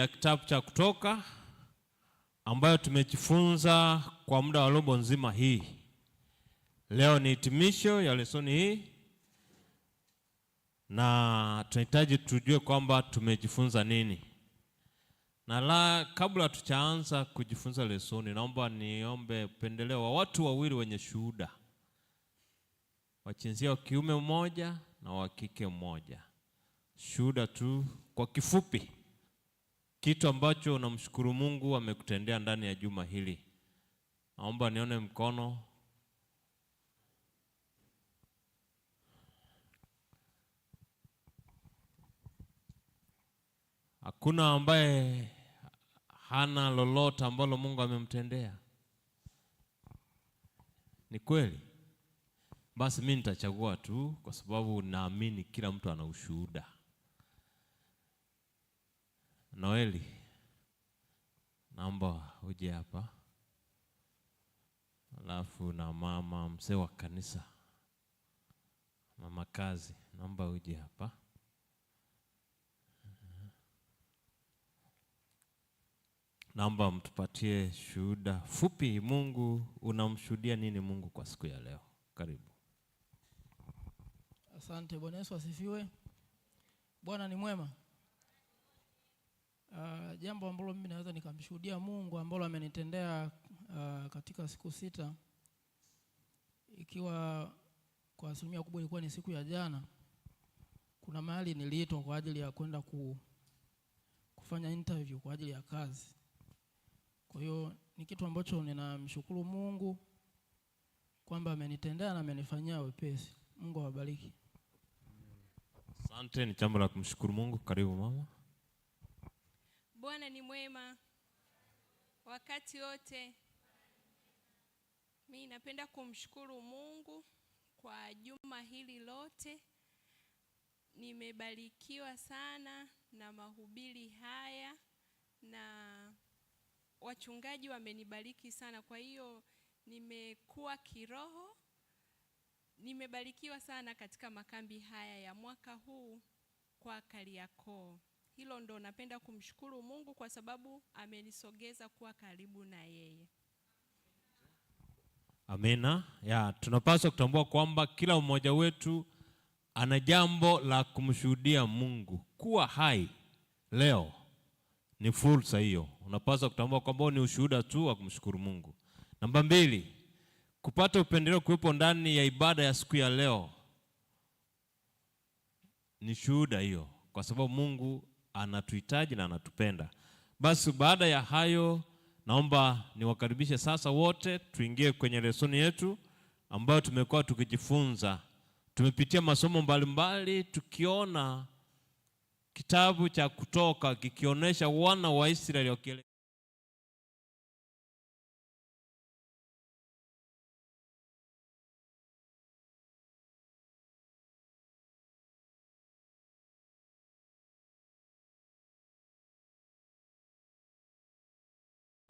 ya kitabu cha Kutoka ambayo tumejifunza kwa muda wa robo nzima hii. Leo ni hitimisho ya lesoni hii, na tunahitaji tujue kwamba tumejifunza nini. Na la, kabla tuchaanza kujifunza lesoni, naomba niombe upendeleo wa watu wawili wenye shuhuda, wachinzia wa kiume mmoja na wa kike mmoja, shuhuda tu kwa kifupi kitu ambacho unamshukuru Mungu amekutendea ndani ya juma hili. Naomba nione mkono. Hakuna ambaye hana lolote ambalo Mungu amemtendea, ni kweli? Basi mimi nitachagua tu, kwa sababu naamini kila mtu ana ushuhuda. Noeli, naomba uje hapa, alafu na mama mzee wa kanisa, mama kazi, naomba uje hapa. Naomba mtupatie shuhuda fupi. Mungu unamshuhudia nini Mungu kwa siku ya leo? Karibu. Asante. Bwana Yesu asifiwe. Bwana ni mwema. Ah, jambo ambalo mimi naweza nikamshuhudia Mungu ambalo amenitendea uh, katika siku sita ikiwa kwa asilimia kubwa ilikuwa ni siku ya jana. Kuna mahali niliitwa kwa ajili ya kwenda ku, kufanya interview kwa ajili ya kazi. Kwa hiyo ni kitu ambacho ninamshukuru Mungu kwamba amenitendea na amenifanyia wepesi. Mungu awabariki. Asante, ni jambo la kumshukuru Mungu. Karibu mama. Bwana ni mwema wakati wote. Mimi napenda kumshukuru Mungu kwa juma hili lote. Nimebarikiwa sana na mahubiri haya na wachungaji wamenibariki sana, kwa hiyo nimekuwa kiroho. Nimebarikiwa sana katika makambi haya ya mwaka huu kwa Kariakoo. Hilo ndo napenda kumshukuru Mungu kwa sababu amenisogeza kuwa karibu na yeye. Amina. Ah? Ya, tunapaswa kutambua kwamba kila mmoja wetu ana jambo la kumshuhudia Mungu. Kuwa hai leo ni fursa hiyo, unapaswa kutambua kwamba ni ushuhuda tu wa kumshukuru Mungu. Namba mbili, kupata upendeleo kuwepo ndani ya ibada ya siku ya leo ni shuhuda hiyo, kwa sababu Mungu anatuhitaji na anatupenda. Basi baada ya hayo, naomba niwakaribishe sasa wote tuingie kwenye lesoni yetu ambayo tumekuwa tukijifunza. Tumepitia masomo mbalimbali tukiona kitabu cha Kutoka kikionyesha wana wa Israeli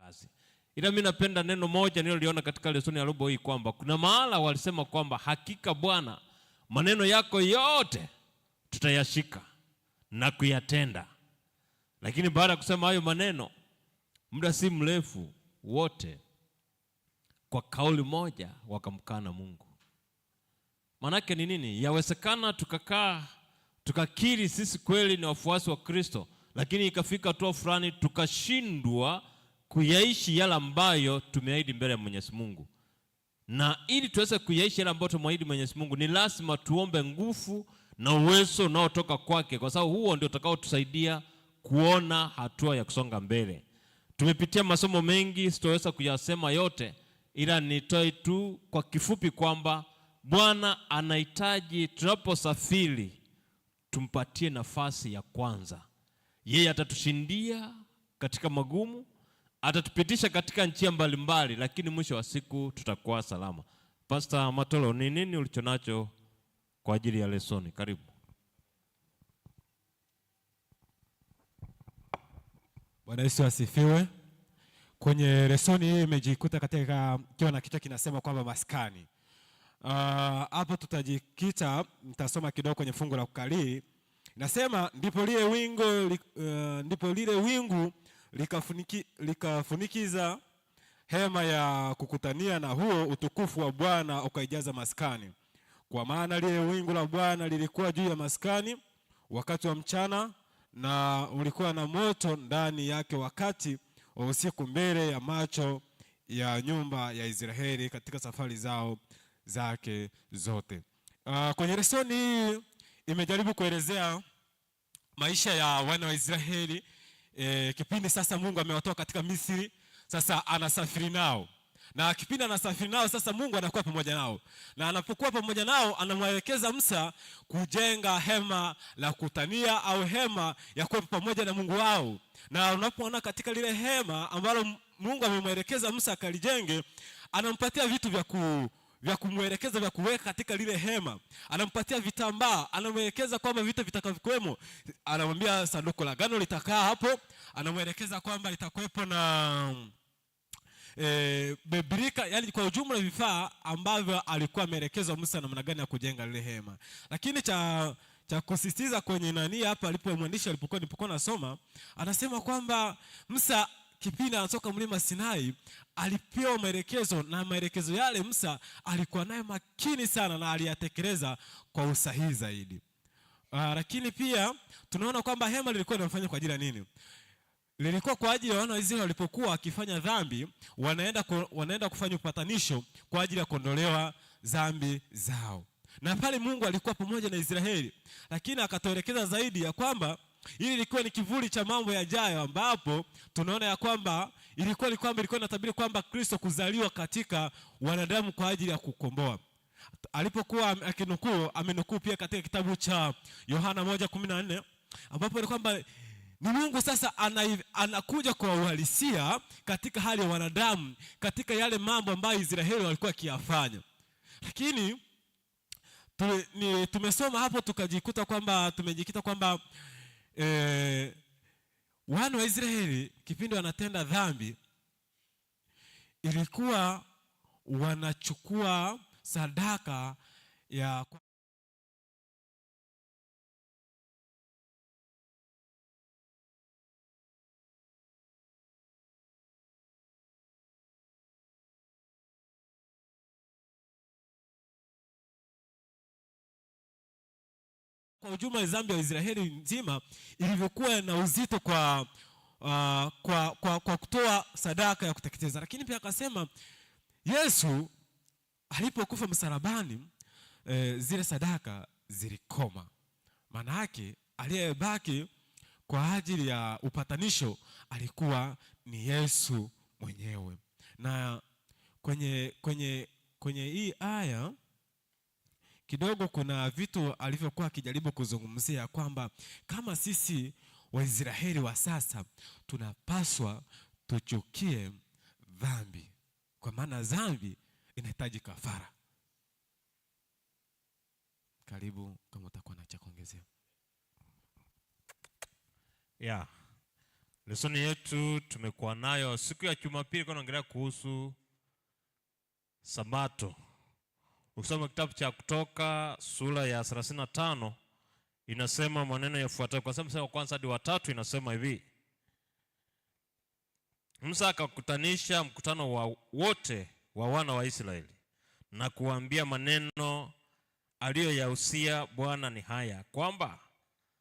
kazi. Ila mimi napenda neno moja niloliona katika lesoni ya robo hii kwamba kuna mahala walisema kwamba hakika Bwana, maneno yako yote tutayashika na kuyatenda. Lakini baada ya kusema hayo maneno, muda si mrefu, wote kwa kauli moja wakamkana Mungu. Manake ni nini? Yawezekana tukakaa tukakiri sisi kweli ni wafuasi wa Kristo, lakini ikafika hatua fulani tukashindwa kuyaishi yale ambayo tumeahidi mbele ya Mwenyezi Mungu. Na ili tuweze kuyaishi yale ambayo tumeahidi Mwenyezi Mungu, ni lazima tuombe nguvu na uwezo unaotoka kwake, kwa sababu huo ndio utakaotusaidia kuona hatua ya kusonga mbele. Tumepitia masomo mengi, sitoweza kuyasema yote, ila nitoe tu kwa kifupi kwamba Bwana anahitaji tunaposafiri tumpatie nafasi ya kwanza. Yeye atatushindia katika magumu atatupitisha katika njia mbalimbali, lakini mwisho wa siku tutakuwa salama. Pastor Matolo, ni nini ulichonacho kwa ajili ya lesoni? Karibu. Bwana Yesu asifiwe. Kwenye lesoni hii imejikuta katika kiwa na kichwa kinasema kwamba maskani. Ah, Hapo uh, tutajikita, mtasoma kidogo kwenye fungu la kukalii. Nasema ndipo lile wingu uh, ndipo lile wingu likafunikiza hema ya kukutania, na huo utukufu wa Bwana ukaijaza maskani. Kwa maana lile wingu la Bwana lilikuwa juu ya maskani wakati wa mchana, na ulikuwa na moto ndani yake wakati wa usiku, mbele ya macho ya nyumba ya Israeli katika safari zao zake zote. Uh, kwenye lesoni hii imejaribu kuelezea maisha ya wana wa Israeli e, kipindi sasa Mungu amewatoa katika Misri, sasa anasafiri nao na kipindi anasafiri nao sasa, Mungu anakuwa pamoja nao, na anapokuwa pamoja nao anamwelekeza Musa kujenga hema la kutania au hema ya kuwa pamoja na Mungu wao. Na unapoona katika lile hema ambalo Mungu amemwelekeza Musa akalijenge, anampatia vitu vya ku vya kumwelekeza vya kuweka katika lile hema, anampatia vitambaa, anamwelekeza kwamba vitu vitakavyokuwemo, anamwambia sanduku la agano litakaa hapo, anamwelekeza kwamba litakuwepo na e, eh, bebrika, yani kwa ujumla vifaa ambavyo alikuwa ameelekezwa Musa namna gani ya kujenga lile hema. Lakini cha cha kusisitiza kwenye nani hapa alipo mwandishi alipokuwa nilipokuwa nasoma, anasema kwamba Musa kipindi anatoka mlima Sinai alipewa maelekezo, na maelekezo yale Musa alikuwa nayo makini sana na aliyatekeleza kwa usahihi zaidi. Uh, lakini pia tunaona kwamba hema lilikuwa linafanywa kwa ajili ya nini? Lilikuwa kwa ajili ya wana wa Israeli walipokuwa wakifanya dhambi, wanaenda, wanaenda kufanya upatanisho kwa ajili ya kuondolewa dhambi zao, na pale Mungu alikuwa pamoja na Israeli, lakini akatoelekeza zaidi ya kwamba Hili ilikuwa ni kivuli cha mambo yajayo, ambapo tunaona ya kwamba ilikuwa ni kwamba ilikuwa inatabiri kwamba Kristo kuzaliwa katika wanadamu kwa ajili ya kukomboa. Alipokuwa akinukuu, amenukuu pia katika kitabu cha Yohana 1:14 ambapo ni kwamba ni Mungu sasa anakuja kwa uhalisia katika hali ya wanadamu katika yale mambo ambayo Israeli walikuwa wakiyafanya, lakini ni, tumesoma hapo tukajikuta kwamba tumejikita kwamba eh, wana wa Israeli kipindi wanatenda dhambi, ilikuwa wanachukua sadaka ya kwa ujumla dhambi ya Israeli nzima ilivyokuwa na uzito kwa, uh, kwa, kwa, kwa kutoa sadaka ya kuteketeza. Lakini pia akasema Yesu alipokufa msalabani, e, zile sadaka zilikoma. Maana yake aliyebaki kwa ajili ya upatanisho alikuwa ni Yesu mwenyewe, na kwenye, kwenye, kwenye hii aya kidogo kuna vitu alivyokuwa akijaribu kuzungumzia kwamba kama sisi Waisraeli wa sasa tunapaswa tuchukie dhambi, kwa maana dhambi inahitaji kafara. Karibu kama utakuwa na cha kuongezea. Yeah. Lesoni yetu tumekuwa nayo siku ya Jumapili, kwa naongelea kuhusu Sabato. Ukisoma kitabu cha Kutoka sura ya 35 inasema maneno yafuatayo, kwa sababu sura kwanza hadi watatu inasema hivi: Musa akakutanisha mkutano wa wote wa wana wa Israeli na kuambia maneno aliyoyahusia Bwana ni haya kwamba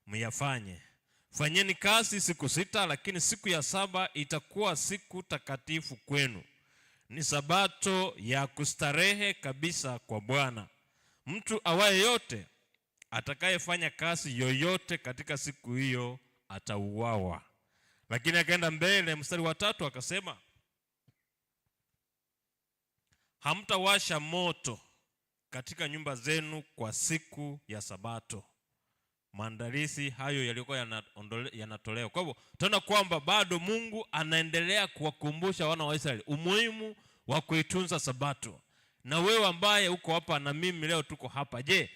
myafanye fanyeni kazi siku sita, lakini siku ya saba itakuwa siku takatifu kwenu ni sabato ya kustarehe kabisa kwa Bwana. Mtu awaye yote atakayefanya kazi yoyote katika siku hiyo atauawa. Lakini akaenda mbele, mstari wa tatu akasema, hamtawasha moto katika nyumba zenu kwa siku ya sabato, maandalizi hayo yaliyokuwa yanatolewa. Kwa hivyo tunaona kwamba bado Mungu anaendelea kuwakumbusha wana wa Israeli umuhimu wa kuitunza Sabato. Na wewe ambaye uko hapa na mimi leo tuko hapa, je,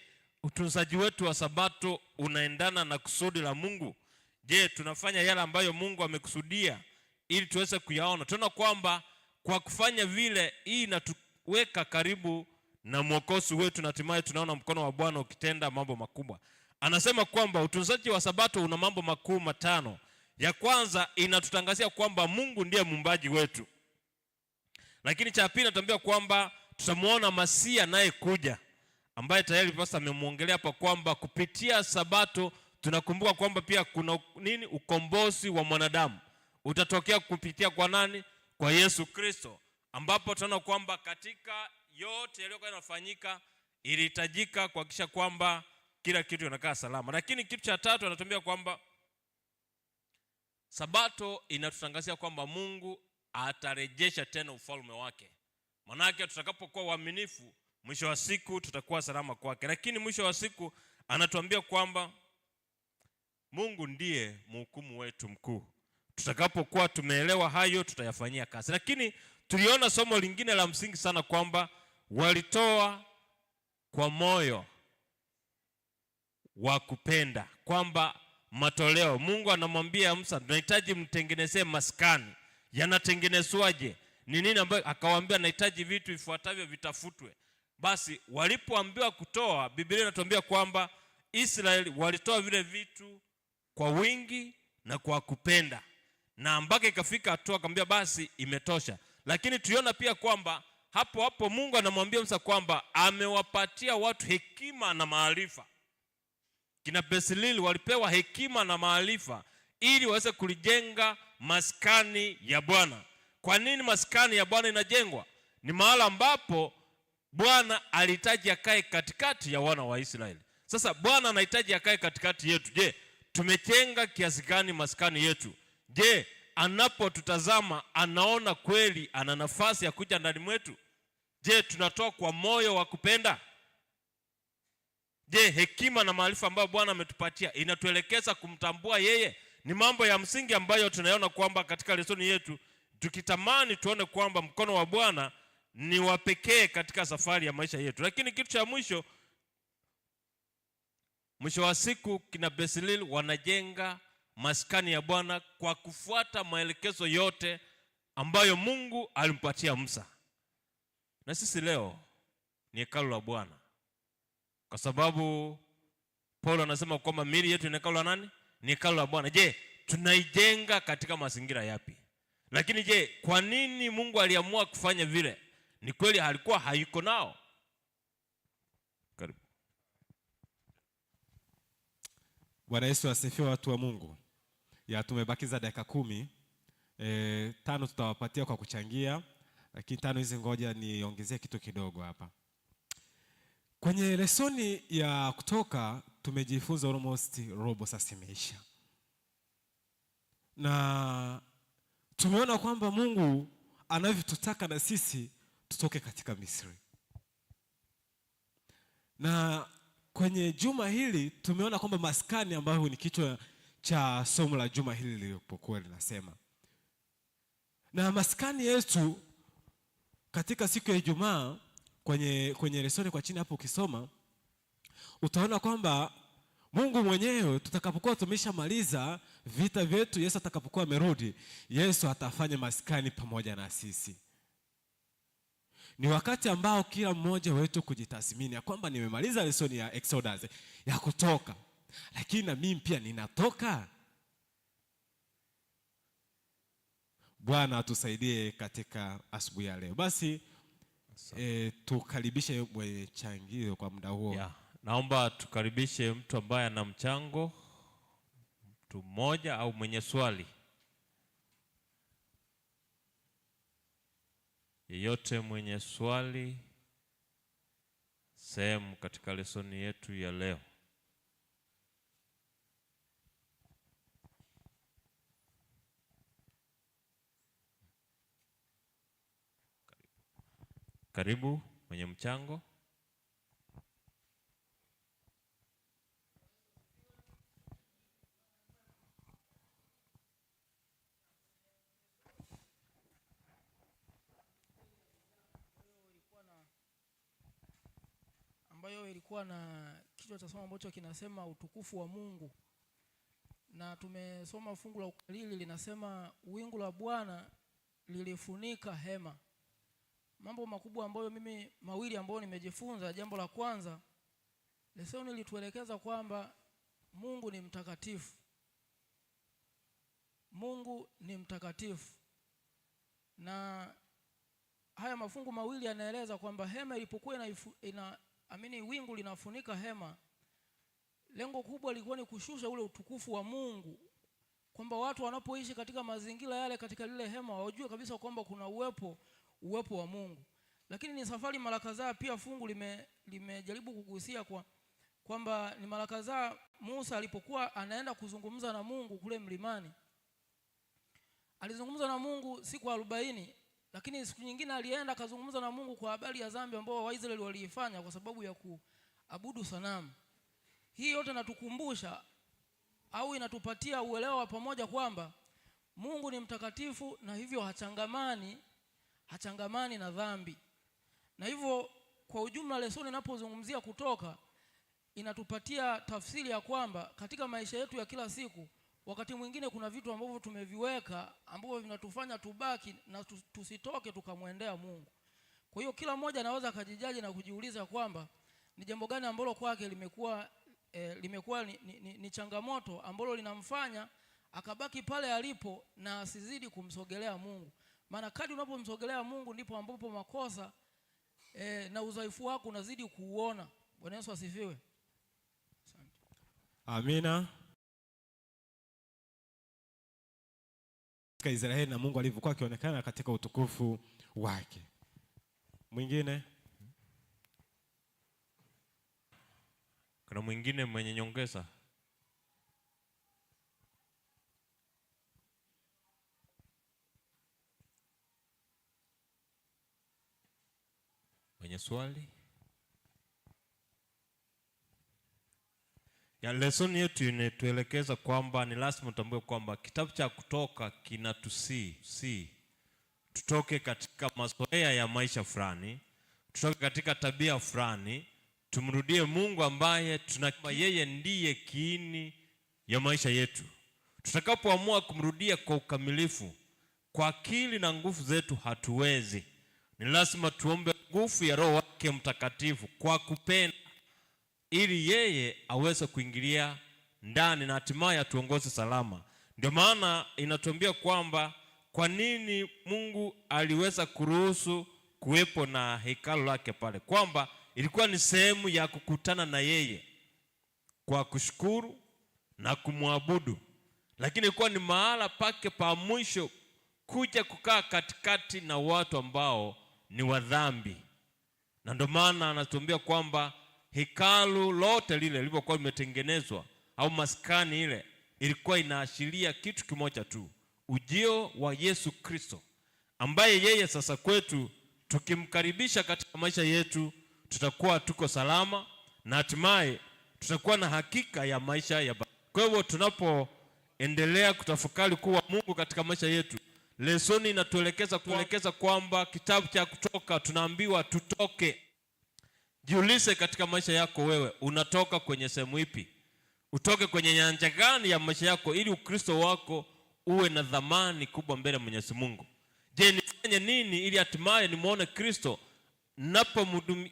utunzaji wetu wa Sabato unaendana na kusudi la Mungu? Je, tunafanya yale ambayo Mungu amekusudia ili tuweze kuyaona? Tunaona kwamba kwa kufanya vile, hii inatuweka karibu na mwokosi wetu na hatimaye tunaona mkono wa Bwana ukitenda mambo makubwa anasema kwamba utunzaji wa sabato una mambo makuu matano. Ya kwanza inatutangazia kwamba Mungu ndiye muumbaji wetu, lakini cha pili natuambia kwamba tutamwona Masihi anayekuja ambaye tayari sasa amemwongelea hapa kwamba kupitia sabato tunakumbuka kwamba pia kuna nini, ukombozi wa mwanadamu utatokea kupitia kwa nani? Kwa Yesu Kristo, ambapo tunaona kwamba katika yote yaliyokuwa yanafanyika ilihitajika kuhakikisha kwamba kila kitu inakaa salama. Lakini kitu cha tatu anatuambia kwamba Sabato inatutangazia kwamba Mungu atarejesha tena ufalme wake. Manake tutakapokuwa waaminifu, mwisho wa siku tutakuwa salama kwake. Lakini mwisho wa siku anatuambia kwamba Mungu ndiye mhukumu wetu mkuu. Tutakapokuwa tumeelewa hayo, tutayafanyia kazi. Lakini tuliona somo lingine la msingi sana kwamba walitoa kwa moyo wa kupenda, kwamba matoleo, Mungu anamwambia Musa, tunahitaji mtengenezee maskani. Yanatengenezwaje? ni nini ambayo? Akawaambia nahitaji vitu vifuatavyo vitafutwe. Basi walipoambiwa kutoa, Biblia inatuambia kwamba Israeli walitoa vile vitu kwa wingi na kwa kupenda, na mpaka ikafika hatua akamwambia basi imetosha. Lakini tuiona pia kwamba hapo hapo Mungu anamwambia Musa kwamba amewapatia watu hekima na maarifa. Kina Bezaleli walipewa hekima na maarifa ili waweze kulijenga maskani ya Bwana. Kwa nini maskani ya Bwana inajengwa? Ni mahala ambapo Bwana alihitaji akae katikati ya wana wa Israeli. Sasa Bwana anahitaji akae katikati yetu. Je, tumejenga kiasi gani maskani yetu? Je, anapotutazama anaona kweli ana nafasi ya kuja ndani mwetu? Je, tunatoa kwa moyo wa kupenda? Je, hekima na maarifa ambayo Bwana ametupatia inatuelekeza kumtambua yeye? Ni mambo ya msingi ambayo tunayona kwamba katika lesoni yetu tukitamani tuone kwamba mkono wa Bwana ni wa pekee katika safari ya maisha yetu. Lakini kitu cha mwisho, mwisho wa siku kina Bezaleli wanajenga maskani ya Bwana kwa kufuata maelekezo yote ambayo Mungu alimpatia Musa, na sisi leo ni hekalu la Bwana kwa sababu Paulo anasema kwamba mili yetu ni hekalu la nani? Ni hekalu la Bwana. Je, tunaijenga katika mazingira yapi? Lakini je, kwa nini Mungu aliamua kufanya vile? Ni kweli alikuwa hayuko nao? Karibu. Bwana Yesu asifiwe, watu wa Mungu. Ya tumebakiza dakika kumi. E, tano tutawapatia kwa kuchangia, lakini tano hizi ngoja niongezee kitu kidogo hapa. Kwenye lesoni ya Kutoka tumejifunza almost robo sasa imeisha, na tumeona kwamba Mungu anavyotutaka na sisi tutoke katika Misri, na kwenye juma hili tumeona kwamba maskani ambayo ni kichwa cha somo la juma hili lilipokuwa linasema, na maskani yetu katika siku ya Ijumaa kwenye, kwenye lesoni kwa chini hapo ukisoma utaona kwamba Mungu mwenyewe tutakapokuwa tumeshamaliza vita vyetu, Yesu atakapokuwa amerudi, Yesu atafanya maskani pamoja na sisi. Ni wakati ambao kila mmoja wetu kujitathmini ya kwamba nimemaliza lesoni ya Exodus ya kutoka, lakini na mimi pia ninatoka. Bwana atusaidie katika asubuhi ya leo. Basi E, tukaribishe mwenye changio kwa muda huo yeah. Naomba tukaribishe mtu ambaye ana mchango, mtu mmoja au mwenye swali yeyote, mwenye swali sehemu katika lesoni yetu ya leo. Karibu mwenye mchango. ambayo ilikuwa na kichwa cha somo ambacho kinasema utukufu wa Mungu, na tumesoma fungu la ukalili linasema wingu la Bwana lilifunika hema mambo makubwa ambayo mimi mawili ambayo nimejifunza, jambo la kwanza, lesoni ilituelekeza kwamba Mungu ni mtakatifu. Mungu ni mtakatifu, na haya mafungu mawili yanaeleza kwamba hema ilipokuwa ina amini, wingu linafunika hema, lengo kubwa lilikuwa ni kushusha ule utukufu wa Mungu, kwamba watu wanapoishi katika mazingira yale, katika lile hema, wajue kabisa kwamba kuna uwepo uwepo wa Mungu. Lakini ni safari mara kadhaa pia fungu lime limejaribu kugusia kwa kwamba ni mara kadhaa Musa alipokuwa anaenda kuzungumza na Mungu kule mlimani. Alizungumza na Mungu siku arobaini, lakini siku nyingine alienda akazungumza na Mungu kwa habari ya dhambi ambao Waisraeli waliifanya kwa sababu ya kuabudu sanamu. Hii yote inatukumbusha au inatupatia uelewa wa pamoja kwamba Mungu ni mtakatifu na hivyo hachangamani hachangamani na dhambi. Na hivyo kwa ujumla, lesoni inapozungumzia kutoka, inatupatia tafsiri ya kwamba katika maisha yetu ya kila siku, wakati mwingine kuna vitu ambavyo tumeviweka ambavyo vinatufanya tubaki na tusitoke tukamwendea Mungu. Kwa hiyo kila mmoja anaweza akajijaji na kujiuliza kwamba ni jambo gani ambalo kwake limekuwa eh, limekuwa ni, ni, ni changamoto ambalo linamfanya akabaki pale alipo na asizidi kumsogelea Mungu. Maana kadri unapomsogelea Mungu ndipo ambapo makosa e, na udhaifu wako unazidi kuuona. Bwana Yesu asifiwe. Amina. Katika Israeli na Mungu alivyokuwa akionekana katika utukufu wake. Mwingine? Kuna mwingine mwenye nyongeza? Mwenye swali ya lesoni yetu inatuelekeza kwamba ni lazima utambue kwamba kitabu cha Kutoka kinatusi si tutoke katika mazoea ya maisha fulani, tutoke katika tabia fulani, tumrudie Mungu ambaye tunakama yeye ndiye kiini ya maisha yetu. Tutakapoamua kumrudia kwa ukamilifu, kwa akili na nguvu zetu hatuwezi ni lazima tuombe nguvu ya Roho wake Mtakatifu kwa kupenda, ili yeye aweze kuingilia ndani na hatimaye atuongoze salama. Ndio maana inatuambia kwamba kwa nini Mungu aliweza kuruhusu kuwepo na hekalu lake pale, kwamba ilikuwa ni sehemu ya kukutana na yeye kwa kushukuru na kumwabudu, lakini ilikuwa ni mahala pake pa mwisho kuja kukaa katikati na watu ambao ni wa dhambi, na ndio maana anatuambia kwamba hekalu lote lile lilivyokuwa limetengenezwa au maskani ile ilikuwa inaashiria kitu kimoja tu, ujio wa Yesu Kristo, ambaye yeye sasa kwetu tukimkaribisha katika maisha yetu tutakuwa tuko salama na hatimaye tutakuwa na hakika ya maisha ya baadaye. Kwa hivyo tunapoendelea kutafakari kuwa Mungu katika maisha yetu lesoni inatuelekeza kuelekeza kwamba kitabu cha Kutoka tunaambiwa tutoke. Jiulize katika maisha yako, wewe unatoka kwenye sehemu ipi? Utoke kwenye nyanja gani ya maisha yako, ili Ukristo wako uwe na dhamani kubwa mbele ya Mwenyezi Mungu. Je, nifanye nini ili hatimaye nimwone Kristo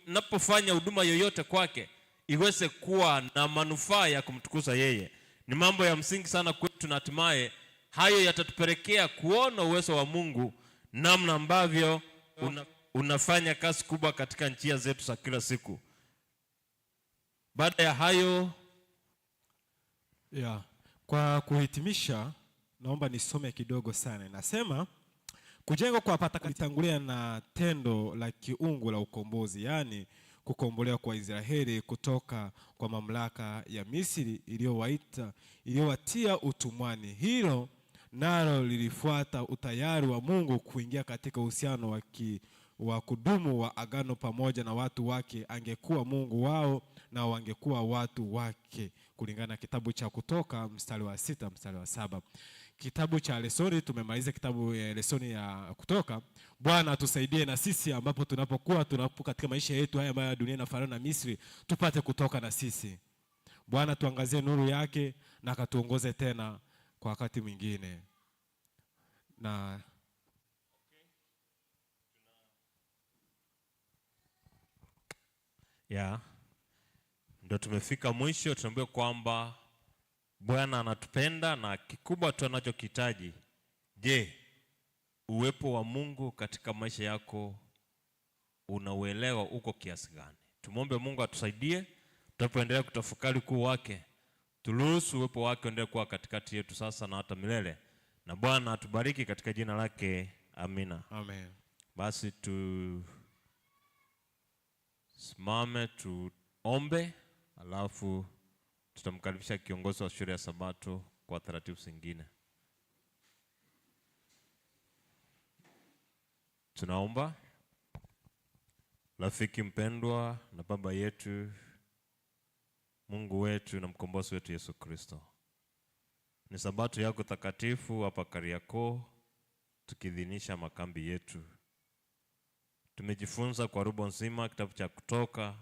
napofanya huduma yoyote kwake iweze kuwa na manufaa ya kumtukuza yeye? Ni mambo ya msingi sana kwetu na hatimaye hayo yatatupelekea kuona uwezo wa Mungu namna ambavyo una, unafanya kazi kubwa katika njia zetu za kila siku. Baada ya hayo yeah. Kwa kuhitimisha, naomba nisome kidogo sana. Inasema kujengwa kwa patakatifu na tendo la kiungu la ukombozi, yaani kukombolewa kwa Israeli kutoka kwa mamlaka ya Misri iliyowaita iliyowatia utumwani. Hilo nalo lilifuata utayari wa Mungu kuingia katika uhusiano wa wa kudumu wa agano pamoja na watu wake. Angekuwa Mungu wao na wangekuwa watu wake, kulingana na kitabu cha Kutoka mstari wa sita mstari wa saba Kitabu cha lesoni, tumemaliza kitabu ya eh, lesoni ya Kutoka. Bwana tusaidie na sisi ambapo tunapokuwa tunapo katika maisha yetu haya ambayo dunia Farao na Misri, tupate kutoka na sisi. Bwana tuangazie nuru yake na akatuongoze tena kwa wakati mwingine na ya Ndio tumefika mwisho, tunaambiwa kwamba Bwana anatupenda na kikubwa tu anachokihitaji, je, uwepo wa Mungu katika maisha yako unauelewa uko kiasi gani? Tumwombe Mungu atusaidie tunapoendelea kutafakari ukuu wake. Turuhusu uwepo wake uendelee kuwa katikati yetu sasa na hata milele, na Bwana atubariki katika jina lake, amina. Amen. Basi tusimame tuombe, alafu tutamkaribisha kiongozi wa shule ya Sabato kwa taratibu zingine. Tunaomba. Rafiki mpendwa na Baba yetu Mungu wetu na mkombozi wetu Yesu Kristo. Ni sabato yako takatifu hapa Kariakoo, tukidhinisha makambi yetu. Tumejifunza kwa robo nzima kitabu cha Kutoka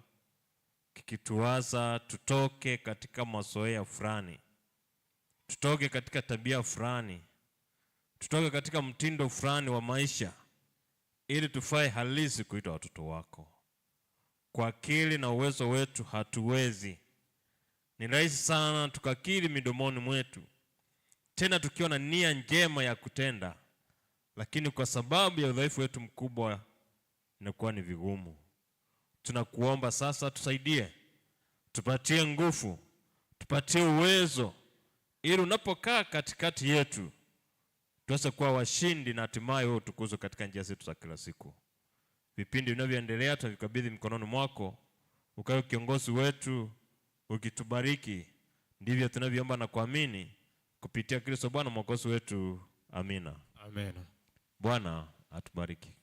kikituwaza tutoke katika mazoea fulani, tutoke katika tabia fulani, tutoke katika mtindo fulani wa maisha, ili tufae halisi kuitwa watoto wako. Kwa akili na uwezo wetu hatuwezi ni rahisi sana tukakiri midomoni mwetu, tena tukiwa na nia njema ya kutenda, lakini kwa sababu ya udhaifu wetu mkubwa inakuwa ni vigumu. Tunakuomba sasa, tusaidie, tupatie nguvu, tupatie uwezo, ili unapokaa katikati yetu tuweze kuwa washindi na hatimaye wewe utukuzwe katika njia zetu za kila siku. Vipindi vinavyoendelea tunavikabidhi mikononi mwako, ukawe kiongozi wetu ukitubariki ndivyo tunavyoomba na kuamini kupitia Kristo Bwana mwokozi wetu. Amina, amina. Bwana atubariki.